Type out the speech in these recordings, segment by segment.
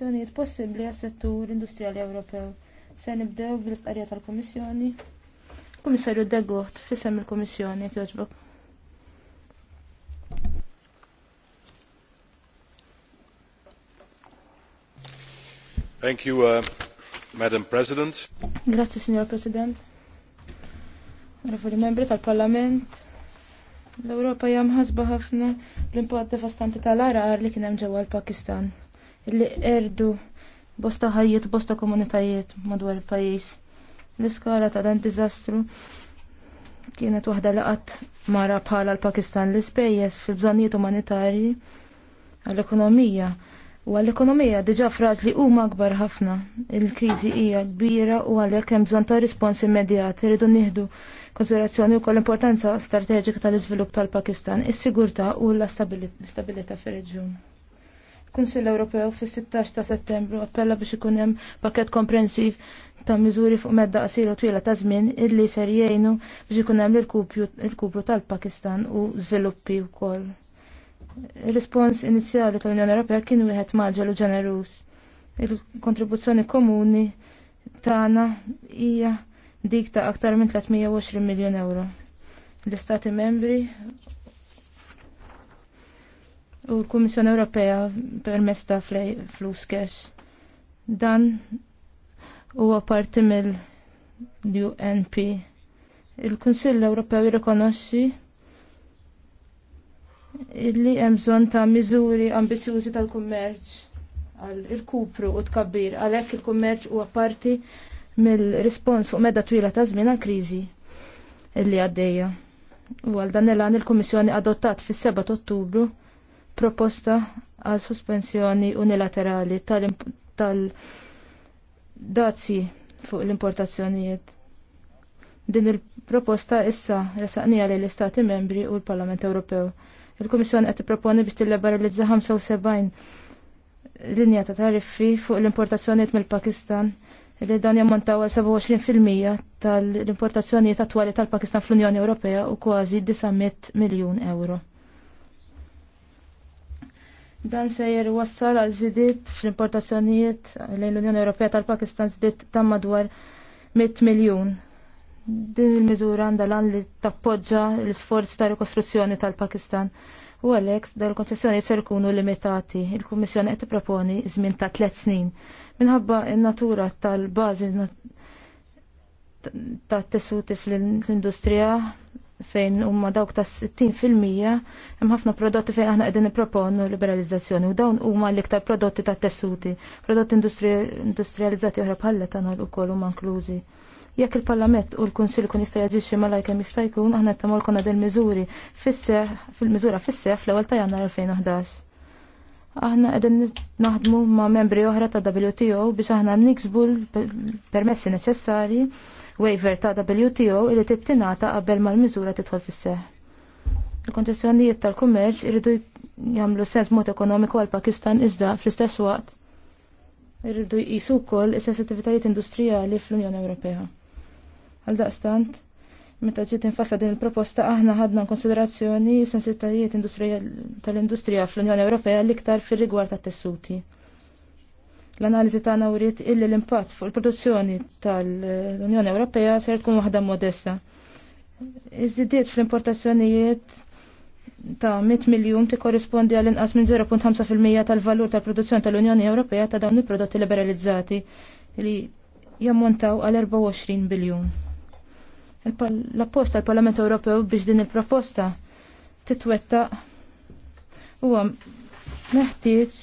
azzjonijiet possibbli għas-settur industrijali Ewropew. Se nibdew bil-istqarrija tal-Kummissjoni. Kummissarju Degot, fissem il-Kummissjoni, jekk jogħġbok. Thank you, uh, Madam President. Grazie, Signor President. Rafuri membri tal-Parlament. L-Europa hija mħasba ħafna l-impatt devastanti tal-arar li kien hemm ġewwa l-Pakistan li erdu bosta ħajjiet, bosta komunitajiet madwar il-pajis. L-iskala ta' dan dizastru kienet waħda laqat mara bħala l-Pakistan l ispejjeż fil-bżonijiet umanitarji għall-ekonomija. U għall-ekonomija diġa li huma akbar ħafna. Il-kriżi hija kbira u għalhekk hemm bżonn ta' rispons immedjat iridu nieħdu konsiderazzjoni wkoll importanza strateġika tal-iżvilupp tal-Pakistan, is-sigurtà u l-istabilità fir-reġjun. Kunsill Ewropew fis-16 ta' Settembru appella biex ikun hemm pakett komprensiv ta' miżuri fuq medda qasira twila ta' żmien illi ser jgħinu biex ikun hemm l-irkupru tal-Pakistan u żviluppi wkoll. Ir-rispons inizjali tal-Unjoni Ewropea kien wieħed maġel u ġenerus. Il-kontribuzzjoni komuni tagħna hija dik ta' aktar minn 320 miljon euro. L-Istati membri u l-Kummissjoni Ewropea permess ta' flus cash. Dan huwa parti mill-UNP. Il-Kunsill Ewropew jirrikonoxxi li hemm bżonn ta' miżuri ambizjużi tal-kummerċ għal irkupru kupru u tkabbir għalhekk il-kummerċ huwa parti mill-rispons fuq medda twila ta' żmien għall-kriżi illi għaddejja. U għal dan il-għan il-Kummissjoni adottat fis-7 Ottubru proposta għal sospensjoni unilaterali tal-dazzi fuq l-importazzjonijiet. Din il-proposta issa resaqnija li l-Istati membri u l-Parlament Ewropew. Il-Komissjoni qed tipproponi biex tilliberalizza 75 linja ta' tariffi fuq l-importazzjonijiet mill-Pakistan li dan jammontaw 27% tal-importazzjonijiet attwali tal-Pakistan fl-Unjoni Ewropea u kważi 900 miljun euro. Dan se wassal għal żidiet fl-importazzjonijiet lejn l-Unjoni Ewropea tal-Pakistan żidiet ta' madwar 100 miljun. Din il-miżura għandha lan li tappoġġa l-isforzi ta' rikostruzzjoni tal-Pakistan. U għalhekk dal il-konċessjoni ser kunu limitati. Il-Kummissjoni qed tipproponi żmien ta' tliet snin. Minħabba n-natura tal-bażi ta' tessuti fl-industrija fejn huma dawk ta' 60% hemm ħafna prodotti fejn aħna qegħdin nipproponu liberalizzazzjoni u dawn huma l-iktar prodotti ta' tessuti, prodotti industrializzati oħra bħal etanol ukoll huma inklużi. Jekk il-Parlament u l-Kunsill kun jista' jaġixxi malajr kemm jista' jkun aħna tamol konna del miżuri fis-seħ fil-miżura fis-seħ fl-ewwel ta' Jannar 2011. Aħna qegħdin naħdmu ma' membri oħra ta' WTO biex aħna niksbu l-permessi neċessarji waiver ta' WTO li tittinata qabel mal-miżura tidħol fis-seħ. Il-konċessjonijiet tal-kummerċ irridu jagħmlu sens mod ekonomiku għal Pakistan iżda fl-istess waqt irridu jqisu wkoll is-sensitivitajiet industrijali fl-Unjoni Ewropea. Għal daqstant, meta ġiet infasla din il-proposta aħna ħadna konsiderazzjoni s-sensitajiet tal-industrija fl-Unjoni Ewropea l-iktar fil rigward tat-tessuti. L-analiżi tagħna wriet illi l-impatt fuq il-produzzjoni tal-Unjoni Ewropea ser tkun waħda modesta. Iż-żidiet fl-importazzjonijiet ta' 100 miljum ti korrispondi għal inqas minn 0.5% tal-valur tal-produzzjoni tal-Unjoni Ewropea ta' dawn il-prodotti liberalizzati li jammontaw għal 24 biljun. L-apposta l parlament Ewropew biex din il-proposta titwetta huwa Neħtieġ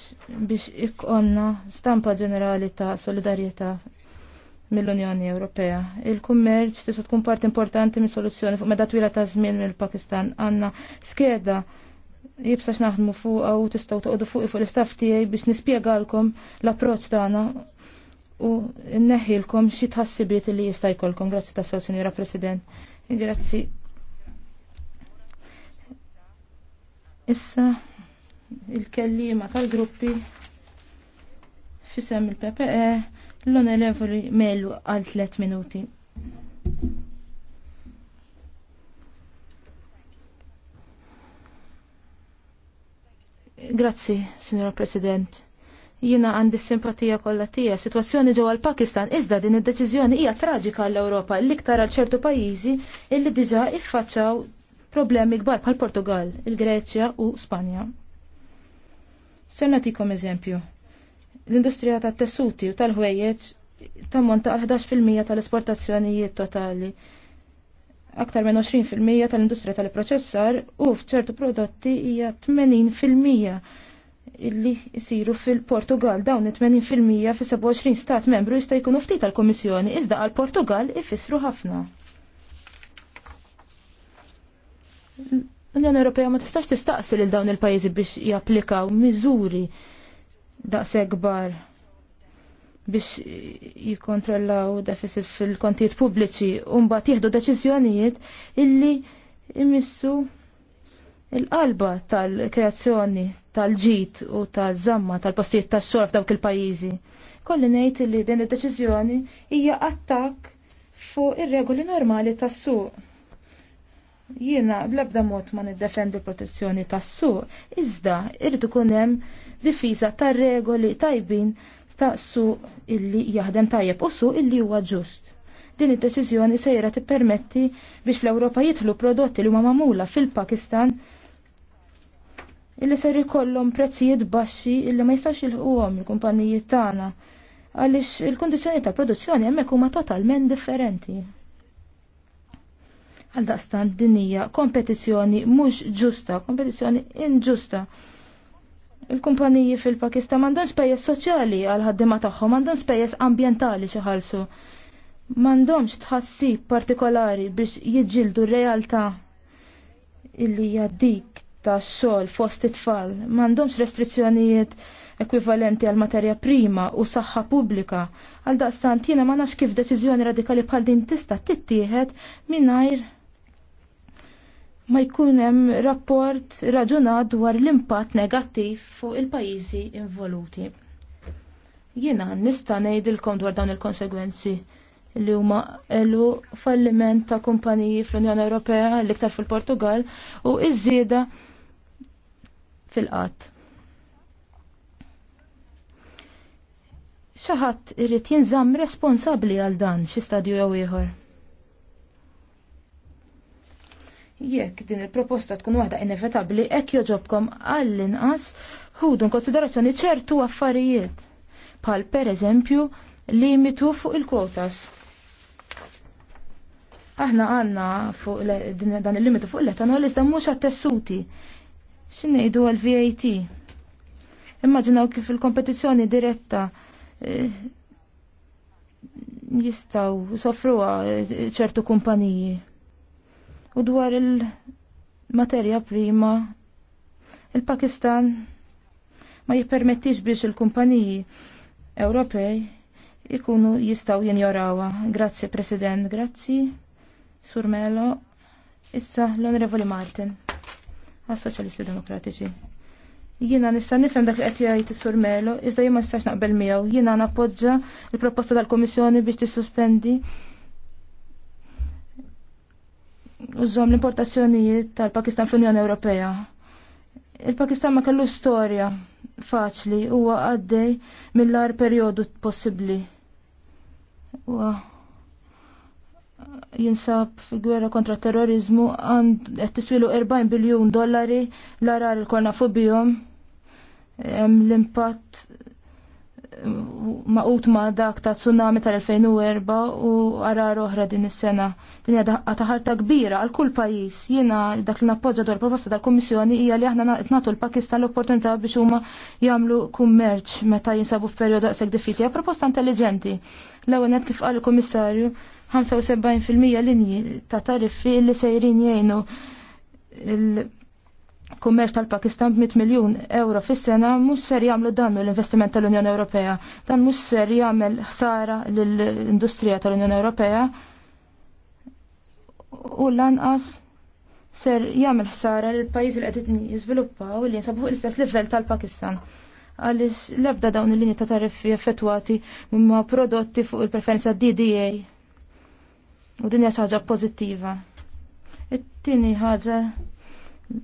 biex ikonna stampa ġenerali ta' solidarjetà mill-Unjoni Ewropea. Il-kummerċ tista' tkun parti importanti minn soluzzjoni fuq meta twila ta' żmien mill-Pakistan għandna skeda jibsax naħdmu fuq u tistgħu toqgħodu fuq fuq l-istaff tiegħi biex nispjegalkom l-approċċ tagħna u nneħħilkom xi tħassibiet li jista' jkollkom. Grazzi ta' sew, Sinjura President. Grazzi. Issa il-kellima tal-gruppi fisem il-PPE l-onorevoli Melu għal 3 minuti. Grazzi, Signora President. Jina għandi simpatija kollha tija. Situazzjoni ġewwa l-Pakistan iżda din id-deċiżjoni hija traġika għall-Ewropa l-iktar għal ċertu pajjiżi illi diġà iffaċċaw problemi kbar bħal Portugal, il-Greċja u Spanja. Ser natikom eżempju. L-industrija tat tessuti u tal-ħwejjeġ tammonta għal 11% tal-esportazzjonijiet totali. Aktar minn 20% tal-industrija tal-proċessar u f'ċertu prodotti hija 80% illi jisiru fil-Portugal dawn 80% fi 27 stat membru jista' jkunu ftit tal-Kummissjoni iżda għal portugal ifissru ħafna l-Unjoni Ewropea ma tistax tistaqsi lil dawn il-pajjiżi biex japplikaw miżuri daqshekk kbar biex jikkontrollaw deficit fil-kontijiet pubbliċi u mbagħad jieħdu deċiżjonijiet illi jmissu il-qalba tal-kreazzjoni tal-ġid u tal-żamma tal-postijiet tax-xogħol f'dawk il-pajjiżi. Kolli ngħid li din id-deċiżjoni hija attakk fuq ir-regoli normali tas-suq Jiena bl-ebda mod ma niddefendi protezzjoni tas-suq, iżda irrid ikun hemm difiża tar-regoli tajbin ta' suq illi jaħdem tajjeb u suq illi huwa ġust. Din id-deċiżjoni sejra tippermetti biex fl-Ewropa jidħlu prodotti li huma magħmula fil-Pakistan illi ser ikollhom prezzijiet baxxi illi ma jistax jilħuhom il-kumpaniji tagħna għaliex il kundizzjoni ta' produzzjoni hemmhekk huma totalment differenti. Għal daqstan din hija kompetizzjoni mhux ġusta, kompetizzjoni inġusta. Il-kumpaniji fil-Pakistan m'għandhomx pejjeż soċjali għal ħaddima tagħhom, m'għandhomx pejjeż ambjentali xi ħallsu. M'għandhomx tħassib partikolari biex jiġġieldu r-realtà illi hija dik tax-xogħol fost it-tfal, m'għandhomx restrizzjonijiet ekwivalenti għal materja prima u saħħa pubblika. Għal daqstant jiena ma nafx kif deċiżjoni radikali bħal din tista' tittieħed mingħajr ma jkun hemm rapport raġunat dwar l-impatt negattiv fuq il-pajjiżi involuti. Jiena nista' ngħidilkom dwar dawn il-konsegwenzi li huma elu falliment ta' kumpaniji fl-Unjoni Ewropea l-iktar fil-Portugal u iż-żieda fil-qatt. Xi ħadd irid jinżamm responsabbli għal dan xi stadju jew ieħor. Jekk din il-proposta tkun waħda inevitabbli, hekk joġobkom għall-inqas ħudu konsiderazzjoni ċertu affarijiet bħal per eżempju limitu fuq il-kwotas. Aħna għanna fuq dan il-limitu fuq l-etanol iżda mhux għat-tessuti. X'ngħidu għal-VAT? Immaġinaw kif il-kompetizzjoni diretta eh, jistaw sofruwa eh, ċertu kumpaniji. U dwar il-materja prima, il-Pakistan ma jippermettix biex il-kumpaniji Ewropej ikunu jistaw jinjorawa. Grazzi, President, grazzi, Sur Melo, issa l-Onorevoli Martin, għas-Soċjalisti Demokratiċi. Jiena nista' nifhem dak li qed jgħid is-Sur Melo, iżda jien ma nistax naqbel miegħu. Jiena nappoġġa l-proposta tal-Kummissjoni biex tissuspendi użom l-importazzjonijiet tal-Pakistan fl-Unjoni Ewropea. Il-Pakistan ma kellu storja faċli huwa għaddej mill-ar perjodu possibbli. Huwa jinsab fil-gwerra kontra terrorizmu għand qed tiswilu 40 biljun dollari l-arar il-korna fuq l-impatt maqut ma dak ta' tsunami tal-2004 u għarar oħra din is-sena. Din hija ta' kbira għal kull pajjiż. Jiena dak li nappoġġa dwar proposta tal-Kummissjoni hija li aħna nagħtu l-Pakistan l-opportunità biex huma jagħmlu kummerċ meta jinsabu f'perjodu daqshekk diffiċli. Hija proposta intelligenti. L-ewwel kif qal il-Kummissarju 75% linji ta' tariffi li sejrin jgħinu kummerċ tal-Pakistan b'100 miljun euro fis-sena mhux ser jagħmlu dannu l-investiment tal-Unjoni Ewropea. Dan mhux ser jagħmel ħsara lill-industrija tal-Unjoni Ewropea u lanqas ser jagħmel ħsara lill pajjiżi li qed jiżviluppaw li jinsabu fuq l-istess livell tal-Pakistan għaliex l-ebda dawn il-linji ta' tariffi effettwati mimma prodotti fuq il-preferenza DDA. U din hija pozittiva. ħaġa pożittiva. It-tieni ħaġa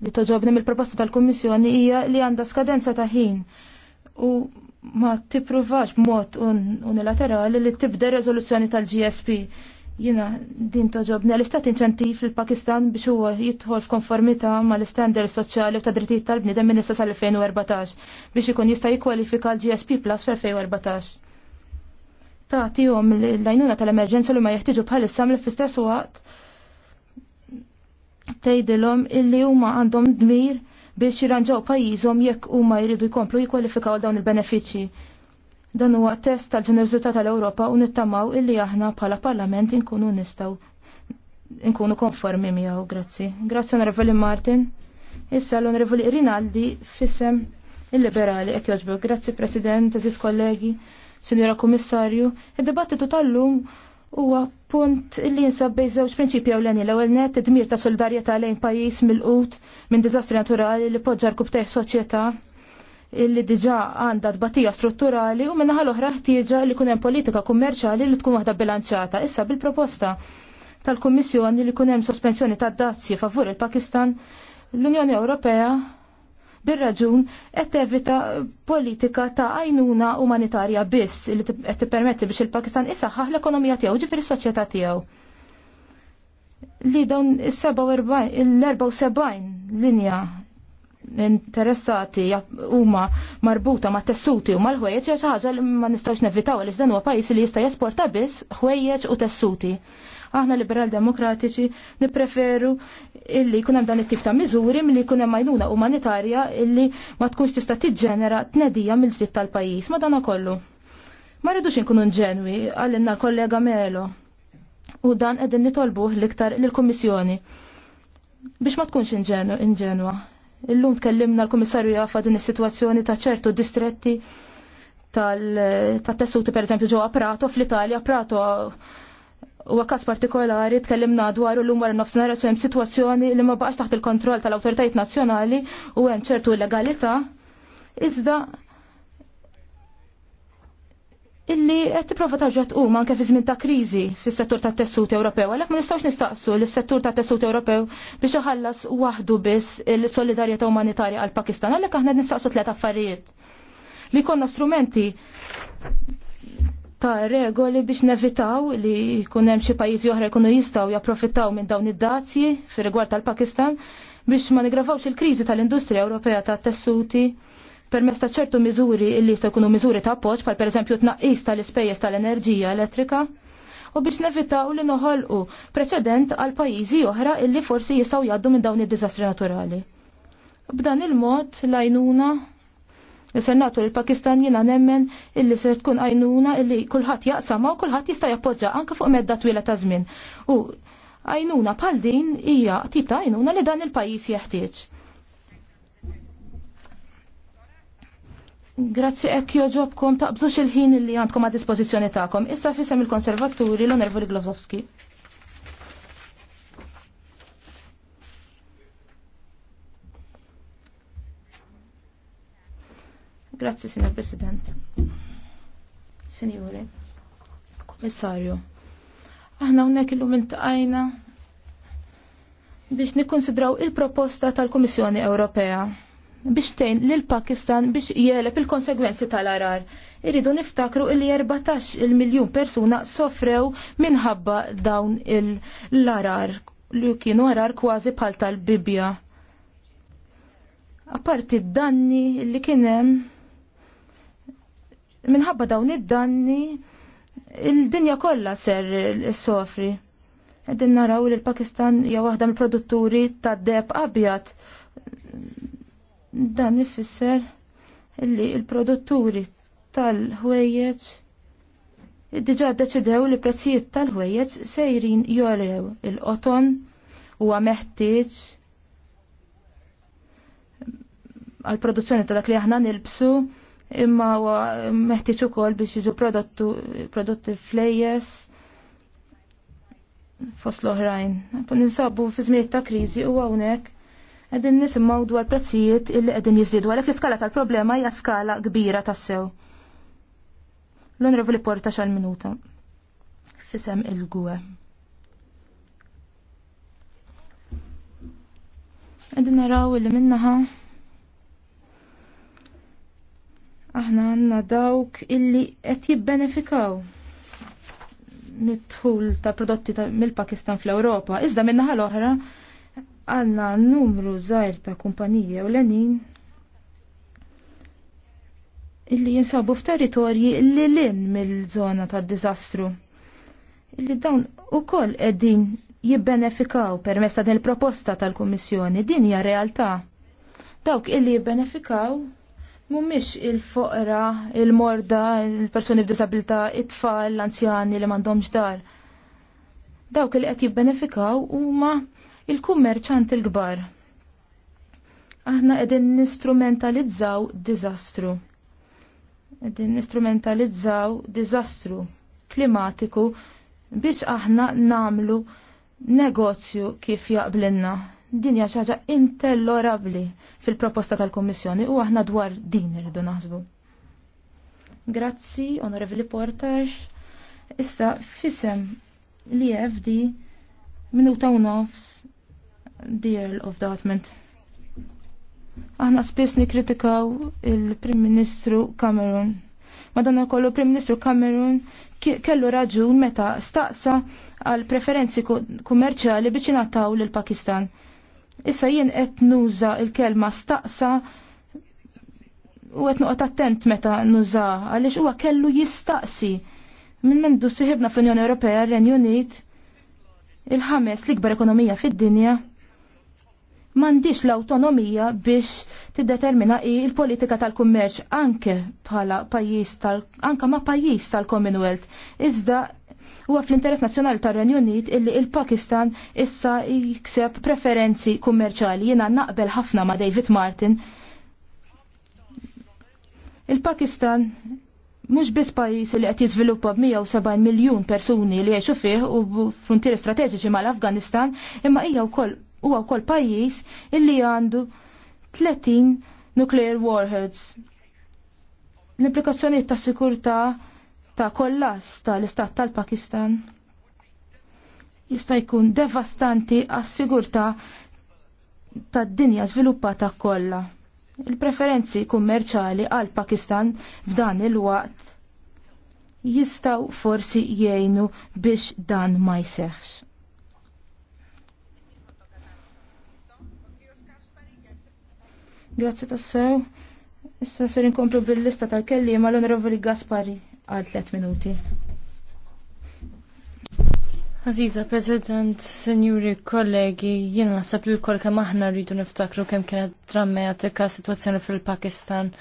li toġobni mill-proposta tal-Kummissjoni hija li għandha skadenza ta' ħin u ma tippruvax b'mod unilaterali li tibda reżoluzzjoni tal-GSP. Jina din toġobni għal-istat inċentiv l-Pakistan biex huwa jidħol f'konformità ma l istandard soċjali u ta' drittijiet tal-bniedem minn sal-2014 biex ikun jista' jikkwalifika l-GSP Plus fl-2014. Tagħtihom l-għajnuna tal-emerġenza li ma jeħtieġu issam l fistess waqt tgħidilhom illi huma għandhom dmir biex jirranġaw pajjiżhom jekk huma jridu jkomplu jikkwalifikaw dawn il-benefiċċji. Dan huwa test tal-ġenerożità tal-Ewropa u nittamaw illi aħna bħala Parlament inkunu nistgħu nkunu konformi miegħu, grazzi. Grazzi Onorevoli Martin. Issa l-Onorevoli Rinaldi fissem il-liberali qed jogħġbu. Grazzi President, eżis kollegi, Signora Kummissarju. Id-dibattitu tal-lum huwa punt li jinsab bej żewġ prinċipji ewleni l-ewwel net id-dmir ta' solidarjetà lejn pajjiż mill-qut minn diżastri naturali li poġġa l-kubtejh soċjetà illi diġà għandha tbatija strutturali u minnaħa l-oħra ħtieġa li kun hemm politika kummerċjali li tkun waħda bilanċjata. Issa bil-proposta tal-Kummissjoni li kun hemm sospensjoni tad-dazzi favur il-Pakistan l-Unjoni Ewropea bir-raġun qed tevita politika ta' għajnuna umanitarja biss li qed tippermetti biex il-Pakistan isaħħaħ l-ekonomija tiegħu ġifir s-soċjetà tiegħu. Li dawn l-74 linja interessati huma marbuta ma' tessuti u mal-ħwejjeġ ħwejjeċ xi ħaġa li ma nistgħux nevitaw għaliex dan huwa pajjiżi li jista' jesporta biss ħwejjeġ u tessuti. Aħna liberal demokratiċi nippreferu illi jkun hemm dan it-tip ta' miżuri milli jkun hemm għajnuna umanitarja illi ma tkunx tista' tiġġenera tnedija mill-ġdid tal-pajjiż ma dan kollu. Ma rridux inkunu nġenwi għallinna kollega Melo. U dan qegħdin nitolbuh l-iktar lill-Kummissjoni biex ma tkunx inġenwa. Illum tkellimna l-Kummissarju jafa din is-sitwazzjoni ta' ċertu distretti tal-tessuti per eżempju ġewwa Prato fl-Italja Prato U għakas partikolari tkellimna dwar u l-lum wara nofsinhar hemm sitwazzjoni li ma baqax taħt il-kontroll tal-awtoritajiet nazzjonali u hemm ċertu legalità iżda illi qed tipprova taġġat u anke fi żmien ta' kriżi fis-settur tat-tessut Ewropew, għalhekk ma nistgħux nistaqsu lis-settur tat-tessut Ewropew biex iħallas waħdu biss il-solidarjetà umanitarja għall-Pakistan, għalhekk aħna nistaqsu tliet affarijiet li konna strumenti ta' regoli biex nevitaw li jkun hemm xi pajjiżi oħra jkunu jistgħu japprofittaw minn dawn id-dazji fir-rigward tal-Pakistan biex ma nigravawx il-kriżi tal-industrija Ewropea tat-tessuti permezz ta' ċertu miżuri li jista' jkunu miżuri ta' appoġġ bħal pereżempju tnaqqis tal-ispejjeż tal-enerġija elettrika u biex nevitaw li noħolqu preċedent għal pajjiżi oħra illi forsi jistgħu jgħaddu minn dawn id-diżastri naturali. B'dan il-mod l-għajnuna il natu il pakistan jina nemmen illi se tkun għajnuna illi kullħat jaqsama u kullħat jista' jappoġġa anka fuq medda twila ta' żmien. U għajnuna bħal din hija tip ta' għajnuna li dan il-pajjiż jeħtieġ. Grazzi ek joġobkom taqbżux il-ħin li għandkom għad dispożizzjoni tagħkom. Issa fisem il-Konservaturi l-Onervoli Glozowski. Grazzi, Signor President. Signore, Kommissarju, aħna unnek illum intqajna biex nikkonsidraw il-proposta tal-Kummissjoni Ewropea biex tejn lil pakistan biex jeleb il-konsegwenzi tal-arar. Irridu niftakru il 14 il-miljun persuna sofrew minħabba dawn l-arar li kienu arar kważi bħal tal-bibja apparti d-danni li kienem minħabba dawn id-danni il-dinja kollha ser sofri. Qegħdin naraw li l-Pakistan hija waħda mill-produtturi tad-deb abjad. Dan ifisser li l-produtturi tal-ħwejjeġ diġà ddeċidew li prezzijiet tal-ħwejjeġ sejrin jorew il-qoton huwa meħtieġ għal produzzjoni ta' dak li aħna nilbsu imma huwa meħtieġ ukoll biex jiġu prodotti flejjes fost l-oħrajn. Ninsabu fi żmien ta' kriżi u hawnhekk qegħdin nisimgħu dwar prezzijiet illi qegħdin jiżdiedu għalhekk l-iskala tal-problema hija skala kbira tassew. L-Onorevoli Porta xal-minuta. Fisem il-gwe. Qegħdin naraw illi minnaħa aħna għanna dawk illi qed jibbenefikaw mitħul ta' prodotti mill-Pakistan fl-Ewropa. Iżda minna l-oħra għanna numru zaħir ta' kumpanija u l-enin illi jinsabu f'territorji illi l-in mill-żona ta' diżastru. Illi dawn ukoll qegħdin jibbenefikaw permezz ta' din il-proposta tal-Kummissjoni din hija realtà. Dawk illi jibbenefikaw Mumiex il-foqra, il-morda, il-persuni b'disabilità, it-tfal, l-anzjani li mandomx dar. Dawk li qed jibbenefikaw huma il-kummerċant il-kbar. Aħna qegħdin nistrumentalizzaw diżastru. Qegħdin nistrumentalizzaw diżastru klimatiku biex aħna namlu negozju kif jaqblinna. Din hija xi ħaġa intollorabbli fil-proposta tal-Kummissjoni u aħna dwar din irridu naħsbu. Grazzi, Onorevoli Portax. Issa fisem li FD minuta u nofs Dear of Development. Aħna spiss nikritikaw il-Prim Ministru Cameron. Madonna kollu Prim Ministru Cameron kellu raġun meta staqsa għal preferenzi kummerċali biex ingħataw lill Pakistan. Issa jien qed nuża l kelma staqsa u qed noqgħod attent meta nuża għaliex huwa kellu jistaqsi. Minn mendu siħibna fl-Unjoni Ewropea renju Unit il-ħames l-ikbar ekonomija fid-dinja m'għandix l-awtonomija biex tiddetermina i l-politika tal-kummerċ anke bħala pajjiż tal anke ma' pajjiż tal-Commonwealth. Iżda Huwa fl-interess nazzjonali tar-Renju Unit illi il-Pakistan issa jikseb preferenzi kummerċali. Jiena naqbel ħafna ma' David Martin. Il-Pakistan mhux biss pajjiż li qed jiżviluppa b'170 miljun persuni li jgħixu fih u fruntieri strateġiċi mal-Afganistan, imma hija wkoll huwa wkoll pajjiż illi għandu 30 nuclear warheads. L-implikazzjonijiet tas-sikurtà ta' ta' tal-istat tal-Pakistan jista' jkun devastanti għas-sigurtà tad-dinja żviluppata kollha. Il-preferenzi kummerċali għal Pakistan f'dan il-waqt jistaw forsi jgħinu biex dan ma jseħx. Grazie tassew. Issa ser inkomplu bil-lista tal-kelli ma l-onorevoli Gaspari għal 3 minuti. Aziza, President, Senjuri, kollegi, jiena nasab li l-kol kem aħna rridu niftakru kem kienet drammatika situazzjoni fil-Pakistan.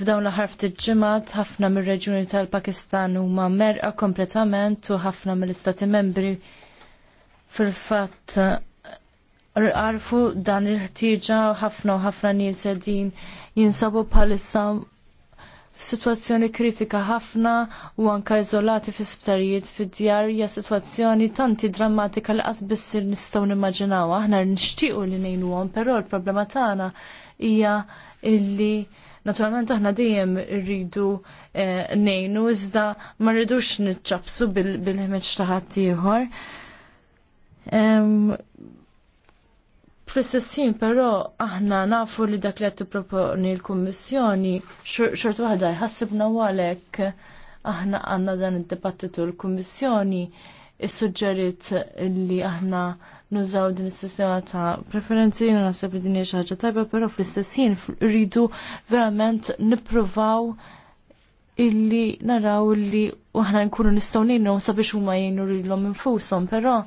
F'dawn l-aħħar ftit ġimgħat ħafna mir reġuni tal-Pakistan huma merqa kompletament u ħafna mill-istati membri fil-fatt arfu dan il-ħtieġa ħafna u ħafna nies qegħdin jinsabu bħalissa situazzjoni kritika ħafna u anke iżolati fi sptarijiet fid-djar hija sitwazzjoni tanti drammatika li qasbis bissir nistgħu nimmaġinaw. Aħna nixtiequ li ngħinuhom, però l-problema tagħna hija illi Naturalment aħna dejjem rridu eh, nejnu iżda ma rridux niċċabsu bil-ħmeġ ta' ieħor fl pero aħna nafu li dak li qed proponi l-Kummissjoni xort waħda jħassibna għalhekk aħna għandna dan id debattitu l-Kummissjoni sugġerit li aħna nużaw din is-sistema ta' preferenzi jina naħseb li din hija xi ħaġa tajba, però fl rridu verament nippruvaw illi naraw li aħna nkunu nistgħu u sabiex huma jgħinu lilhom infushom, però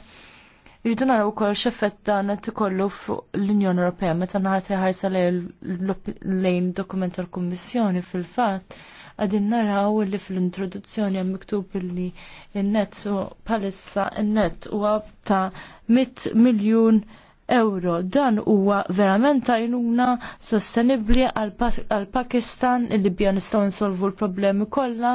Irridu naraw kol xeffet dan qed ikollu fuq l-Unjoni Ewropea meta naħat ħarsa lejn dokument tal-Kummissjoni fil-fatt għadin naraw li fil-introduzzjoni għam miktub li n-net palissa n-net u għabta 100 miljon euro. Dan huwa verament għajnuna sostenibli għal Pakistan illi bija nistgħu nsolvu l-problemi kollha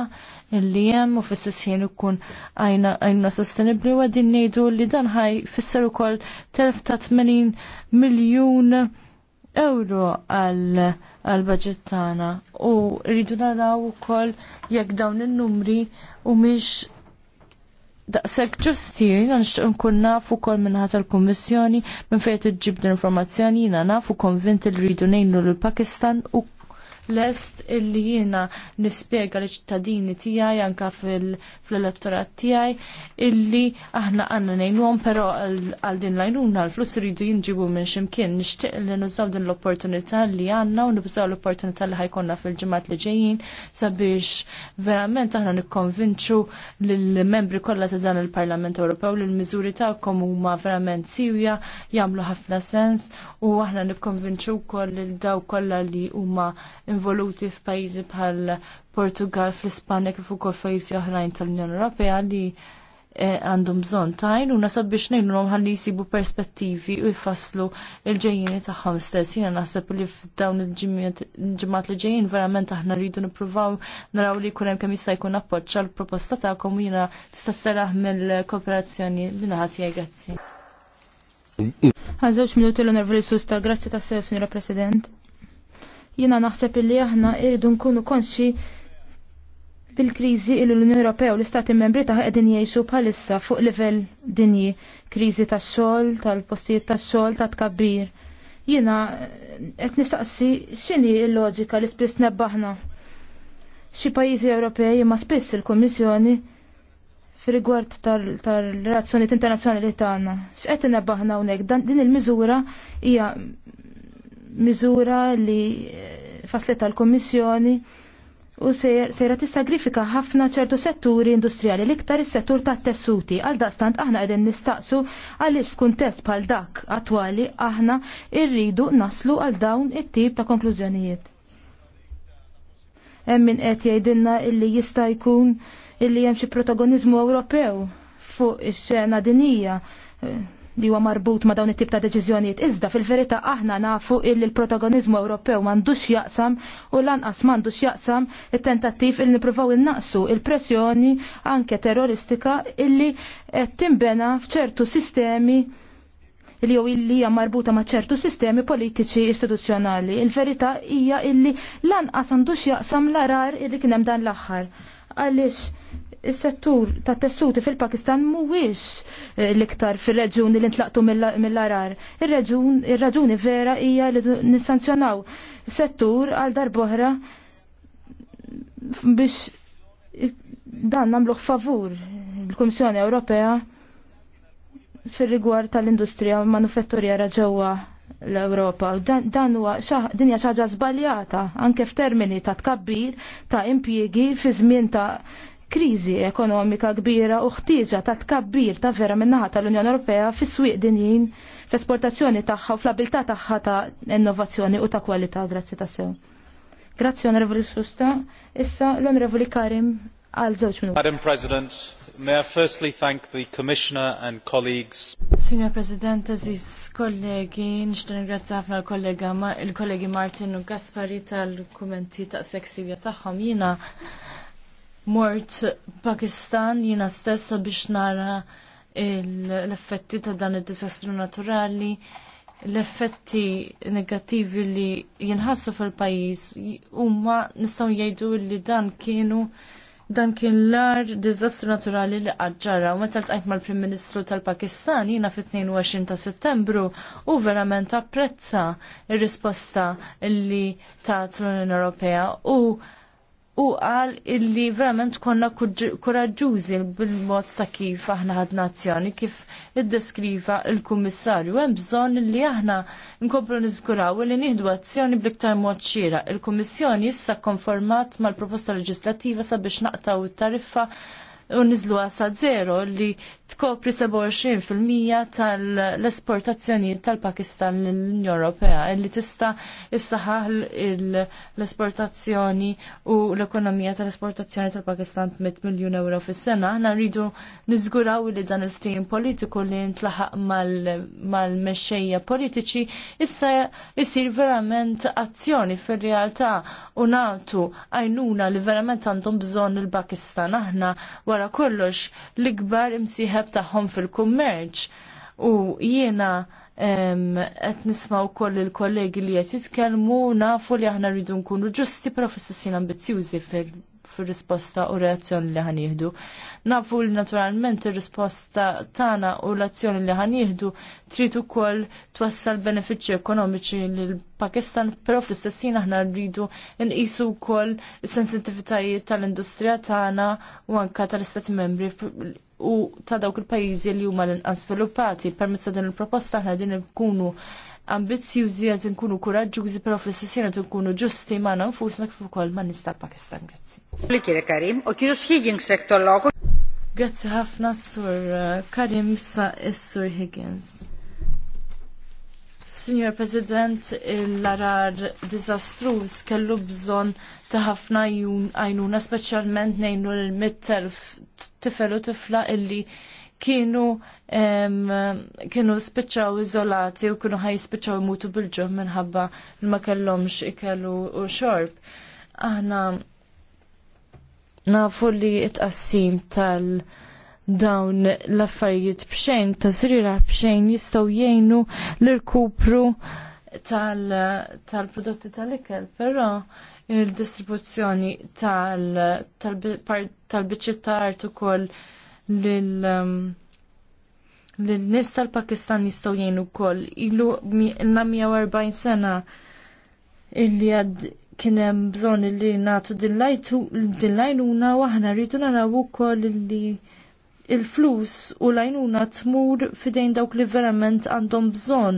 illi hemm u fis ikun għajna għajnuna sostenibli u għadin ngħidu li dan ħaj fisser ukoll 380 miljun euro għal għal budget tagħna u rridu naraw ukoll jekk dawn in-numri u miex daqseg ġusti, jina nkun nafu kol minnħat tal-Kommissjoni minn fejt iġib din informazzjoni jina nafu konvint li rridu nejnu l-Pakistan u lest illi jiena nispjega li ċittadini tiegħi anka fil elettorat tiegħi illi aħna għandna ngħinuhom però għal din lajnuna l-flus iridu jinġibu minn ximkien nixtieq li nużaw din l-opportunità li għandna u nibżaw l-opportunità li ħajkonna fil-ġimgħat li ġejjin sabiex verament aħna nikkonvinċu lill-membri kollha ta' dan il-Parlament Ewropew li l-miżuri tagħkom huma verament siwja jagħmlu ħafna sens u aħna nikkonvinċu wkoll lil daw kollha li huma involuti f'pajjiżi bħal Portugal, fl-Ispanja kif ukoll pajjiżi oħrajn tal-Unjoni Ewropea li eh, għandhom bżonn tajn u nasab biex ngħidulhom ħalli jsibu perspettivi u jfasslu l-ġejjini tagħhom stess. Jiena naħseb li f'dawn il-ġimgħat li ġejjin verament aħna rridu nippruvaw naraw li jkun hemm kemm jista' jkun appoġġ għall-proposta tagħkom u jiena tista' seraħ mill-kooperazzjoni minaħat tiegħi grazzi. Għażewġ minuti l-onorevoli Susta, grazzi sew Signora President. Jina naħseb illi aħna irridu nkunu konxi bil-kriżi il l-Unjoni Ewropea u l-Istati Membri ta' qegħdin jgħixu bħalissa fuq livell dinji, kriżi tax-xogħol, tal-postijiet tax-xogħol, ta' tkabbir. Jiena qed nistaqsi x'inhi l-loġika li spiss nebbaħna. Xi pajjiżi Ewropej ma spiss il-Kummissjoni fir-rigward tal-relazzjonijiet internazzjonali tagħna. X'qed inebbaħna hawnhekk din il-miżura hija miżura li eh, faslet tal-Kommissjoni u sejra tissagrifika ħafna ċertu setturi industrijali l-iktar is-settur tat-tessuti għal daqstant aħna qegħdin nistaqsu għaliex f'kuntest bħal dak attwali aħna rridu naslu għal dawn it-tip ta' konklużjonijiet. Hemm min qed jgħidilna illi jista' jkun illi hemm xi protagoniżmu Ewropew fuq ix-xena dinija eh, li huwa marbut ma' dawn it-tip ta' deċiżjonijiet. Iżda fil-verità aħna nafu illi l-protagonizmu Ewropew m'għandux jaqsam u lanqas m'għandux jaqsam it-tentattiv illi nippruvaw innaqsu il-pressjoni anke terroristika illi qed timbena f'ċertu sistemi li jew illi hija marbuta ma' ċertu sistemi politiċi istituzzjonali. Il-verità hija illi lanqas għandux jaqsam l-arar illi kien hemm dan l-aħħar. Għaliex is-settur ta' tessuti fil-Pakistan mhuwiex eh, l-iktar fir-reġuni li ntlaqtu mill-arar. Ir-raġuni vera hija li nissanzjonaw settur għal darboħra biex dan nagħmluh favur il-Kummissjoni Ewropea fir-rigward tal-industrija manufatturjera ġewwa l-Europa. Dan huwa dinja xaġa żbaljata anke f'termini ta' tkabbir ta' impjiegi fi żmien ta' kriżi ekonomika kbira u ħtieġa ta' tkabbir ta' vera minnaħa tal-Unjoni Ewropea fis-swieq dinjin fl-esportazzjoni tagħha u fl-abilità tagħha ta' innovazzjoni u ta' kwalità grazzi ta' sew. Grazzi Onorevoli Susta. Issa l-Onorevoli Karim għal żewġ minuti. Madam President, may I firstly thank the Commissioner and colleagues. Signor President, aziz kollegi, nishtu ringrazzja ħafna l-kollegi Martin u Gaspari tal-kumenti ta' seksivja tagħhom jina mort Pakistan jina stessa biex nara l-effetti ta' dan il-disastru naturali, l-effetti negativi li jinħassu fil-pajis, umma nistaw jajdu li dan kienu dan kien l-ar dizastru naturali li għadġara. U meta tqajt mal-Prim Ministru tal-Pakistan jina fit-22 ta' Settembru u verament apprezza il risposta li ta' l-Unjoni Ewropea u u qal illi verament konna kuraġuzi bil-mod sa kif aħna ħadna azzjoni kif iddeskriva il-kummissarju. Hemm bżonn li aħna nkomplu niżguraw li nieħdu azzjoni bl-iktar mod xira. Il-Kummissjoni issa konformat mal-proposta leġislattiva sabiex naqtaw it-tariffa u nizlu sa zero li tkopri 27% tal-esportazzjonijiet tal-Pakistan l-Unjoni Ewropea illi tista' issaħħaħ l-esportazzjoni u l-ekonomija tal-esportazzjoni tal-Pakistan 100 miljun euro fis-sena. Aħna rridu niżguraw li dan il-ftehim politiku li ntlaħaq mal-mexxejja politiċi issa jsir verament azzjoni fir-realtà u nagħtu għajnuna li verament għandhom bżonn il-Pakistan aħna wara kollox l-ikbar imsieħ l taħħom fil-kummerċ. U jiena qed nisma' wkoll il-kollegi li qed jitkellmu nafu li aħna rridu nkunu ġusti però fis-sissin ambizzjużi fil risposta u reazzjoni li ħanieħdu. Nafu li naturalment il-risposta tagħna u l-azzjoni li ħanieħdu trid ukoll twassal benefiċċji ekonomiċi lill Pakistan, però fl-istessin aħna rridu nqisu wkoll is-sensitivitajiet tal-industrija tagħna u anke tal-Istati Membri u ta' dawk il-pajjiżi li huma l-inqas sviluppati permezz ta' din il-proposta aħna din nkunu ambizjużi għad nkunu kuraġġużi però fl-istess nkunu ġusti ma' nfusna kif ukoll ma' nista' Pakistan. Grazzi. Grazzi ħafna sur uh, Karim sa' sur Higgins. Signor President, l-arar dizastruż kellu bżon ta' ħafna għajnuna, specialment nejnu l-mittelf tifel u tifla illi kienu kienu spiċċaw izolati u kienu ħaj spiċċaw imutu bil-ġuħ minħabba ma kellomx ikellu u xorb. Aħna nafu li it-qassim tal- dawn l-affarijiet bxejn, ta' zrira bxejn jistgħu jgħinu l-irkupru tal-prodotti tal-ikel, però il-distribuzzjoni tal-biċittar ukoll lil um, l-nis tal-Pakistan jistgħu jgħinu wkoll ilu minna 140 sena illi għad kien hemm bżonn illi nagħtu din lajnuna u aħna rridu naraw ukoll illi il-flus u lajnuna tmur fidejn dawk li verament għandhom bżon,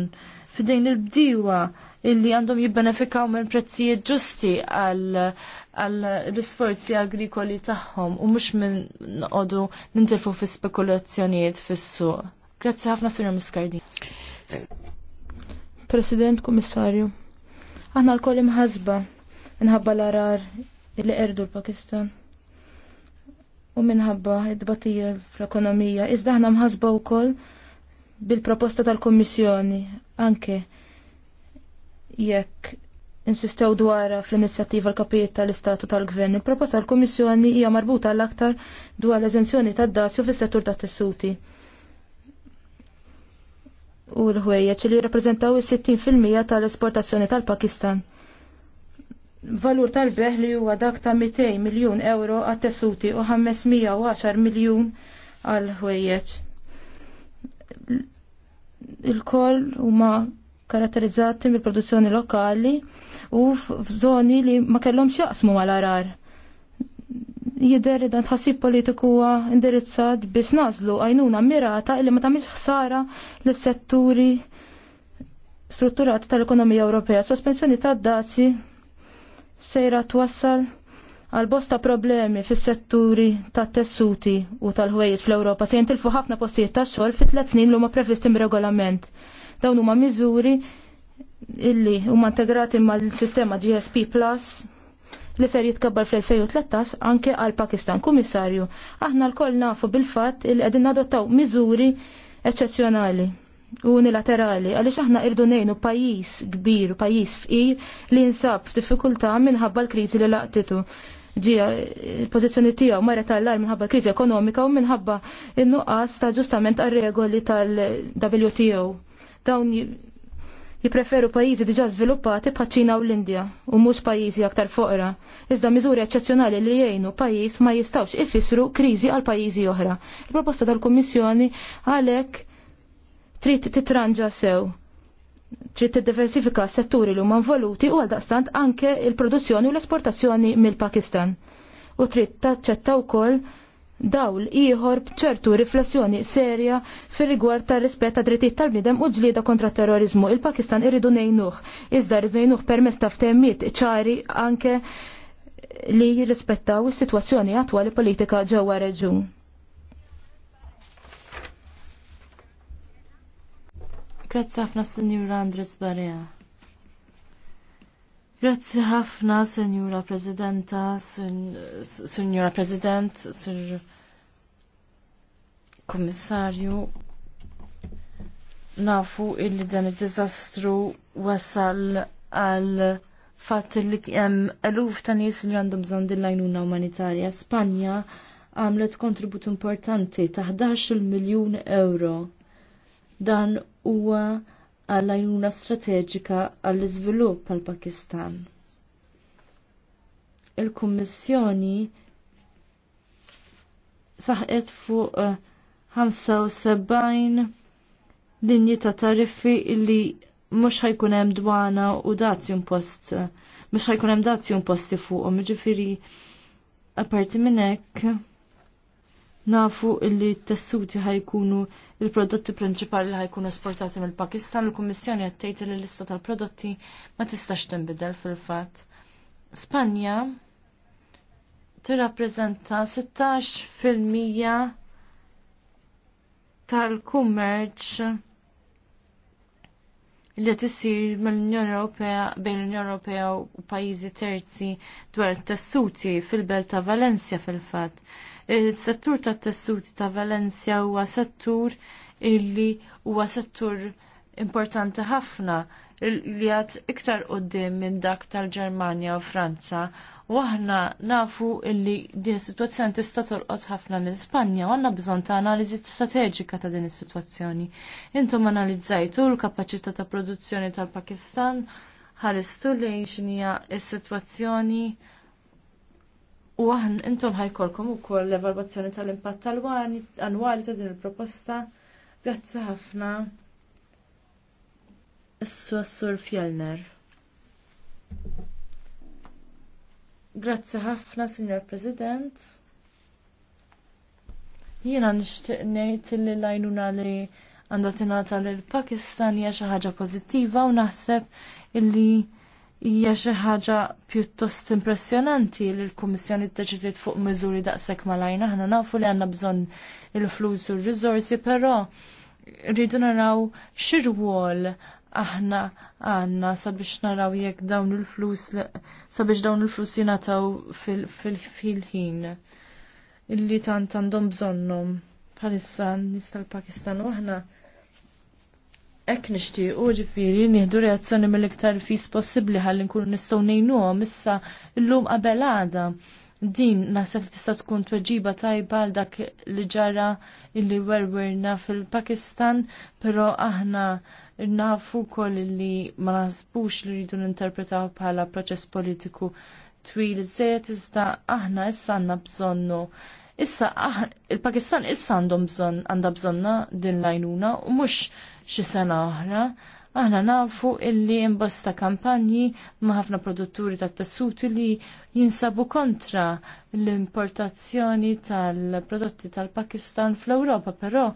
fidejn il-bdiwa illi għandhom jibbenefikaw minn prezzijiet ġusti għal l-sforzi agrikoli tagħhom u mhux minn noqogħdu nintilfu fi spekulazzjonijiet fis-suq. Grazzi ħafna Sirja Muscardi. President Kummissarju, aħna l-kolim ħazba nħabba l-arar il erdu l-Pakistan u minħabba id-batija fl-ekonomija. Iżda aħna mħasba wkoll bil-proposta tal-Kommissjoni anke jekk insistew dwar fl-inizjattiva l-kapijiet tal-Istatu tal-Gvern. Il-proposta tal-Kommissjoni hija marbuta l-aktar dwar l-eżenzjoni tad-dazju fis-settur tat-tessuti. U l-ħwejjeġ li jirrappreżentaw is-60% tal-esportazzjoni tal-Pakistan valur tal-beħ li huwa dak ta' 200 miljun euro għat-tessuti u 510 miljun għal ħwejjeġ. Il-koll huma karatterizzati mill-produzzjoni lokali u f'żoni li ma kellhomx jaqsmu mal-arar. Jidher dan tħassib politiku huwa indirizzat biex nażlu għajnuna mirata li ma tagħmilx ħsara lis-setturi strutturati tal-ekonomija Ewropea. Sospensjoni tad-dazi sejra twassal għal bosta problemi fis-setturi tat tessuti u tal-ħwejjiet fl-Ewropa se jintilfu ħafna postijiet ta' xogħol fit tliet snin li huma previsti mir-regolament. Dawn huma miżuri illi huma integrati mal-sistema GSP Plus li ser jitkabbar fl-2013 anke għal Pakistan. Kummissarju, aħna l-koll nafu bil-fatt li qegħdin nadottaw miżuri eċċezzjonali unilaterali għaliex aħna irdu nejnu pajjiż kbir, pajjiż fqir li nsab f'diffikultà minħabba l-kriżi li laqtitu. Ġija, pozizjoni pożizzjoni tiegħu marret tal-lar minħabba l-kriżi ekonomika u minħabba in-nuqqas ta' ġustament għal regoli tal-WTO. Dawn jipreferu pajjiżi diġà żviluppati bħacċina ċina u l-Indja u mhux pajjiżi aktar foqra. Iżda miżuri eċċezzjonali li jgħinu pajjiż ma jistawx ifissru kriżi għal pajjiżi oħra. Il-proposta tal-Kummissjoni għalhekk trid titranġa sew trid tiddiversifika s-setturi li huma involuti u għaldaqstant anke il-produzzjoni u l-esportazzjoni mill-Pakistan. U trid taċċetta wkoll dawl ieħor b'ċertu riflessjoni serja fir rigward tar rispett ta' drittijiet tal-bniedem u ġlieda kontra terrorizmu. Il-Pakistan irridu ngħinuh, iżda rridu ngħinuh permezz ta' ftehmiet ċari anke li jirrispettaw is-sitwazzjoni attwali politika ġewwa reġun. Grazzi ħafna Sinjura Andres Barea. Grazzi ħafna Sinjura Presidenta, Sinjura President, Sir Kommissarju. Nafu illi dan id-dizastru wasal għal fatt li hemm eluf ta' nies li għandhom bżon dil-lajnuna umanitarja. Spanja għamlet kontribut importanti ta' 11 miljun euro. Dan huwa għal għajnuna strateġika għall iżvilupp għal pakistan Il-Kummissjoni saħqet fuq 75 eh, linji ta' tariffi li mhux ħajkun hemm dwana u dazjum post eh, mhux ħajkun hemm dazjum posti fuqhom, ġifieri apparti minn hekk nafu illi t-tessuti ħajkunu il-prodotti prinċipali li ħajkunu esportati mill-Pakistan, il-Kummissjoni għattejt li l-lista tal-prodotti ma tistax tinbidel fil-fat. Spanja tirrappreżenta 16% tal-kummerċ li tisir mill-Unjoni Ewropea bejn l-Unjoni Ewropea u pajjiżi terzi dwar it-tessuti fil-Belt ta' Valencia fil-fatt Il-settur ta' tessuti ta' Valencia huwa settur illi huwa settur importanti ħafna li għad iktar qoddim minn dak tal-Ġermanja u Franza. U aħna nafu illi din is-sitwazzjoni tista' torqod ħafna l ispanja u għandna bżonn ta' analiżi strateġika ta' din is-sitwazzjoni. Intom analizzajtu l-kapaċità ta' produzzjoni tal-Pakistan, ħaristu li x'inhija s-sitwazzjoni U għan intom ħajkolkom u koll l-evalvazzjoni tal-impatt tal-annwali ta' din il-proposta. Grazzi ħafna. Issu sur Fjellner. Grazzi ħafna, Signor President. Jiena nixtieq ngħid li lajnuna li għandha tingħata lil pakistan hija xi ħaġa pożittiva u naħseb illi hija xi ħaġa pjuttost impressjonanti li l-Kummissjoni ddeċidiet fuq miżuri daqshekk malajn aħna nafu li għandna bżonn il-flus u r-riżorsi, però rridu naraw x'irwol aħna għandna sabiex naraw jekk dawn il-flus sabiex dawn il-flus jingħataw fil-ħin illi tant għandhom bżonnhom bħalissa nista l-Pakistan u aħna ek u ġifiri nieħdu reazzjoni mill-iktar fis possibbli ħalli nkunu nistgħu ngħinuhom issa llum qabel għada. Din naħseb li tista' tkun tweġiba tajba għal dak li ġara illi werwerna fil-Pakistan, però aħna nafu wkoll li ma naħsbux li rridu ninterpretaw bħala proċess politiku twil żejjed iżda aħna issa għandna bżonnu issa il-Pakistan issa għandhom bżonn għandha bżonna din l-għajnuna u mhux xi sena oħra, aħna nafu illi imbosta kampanji ma' ħafna produtturi ta' tessuti li jinsabu kontra l-importazzjoni tal-prodotti tal-Pakistan fl-Ewropa, però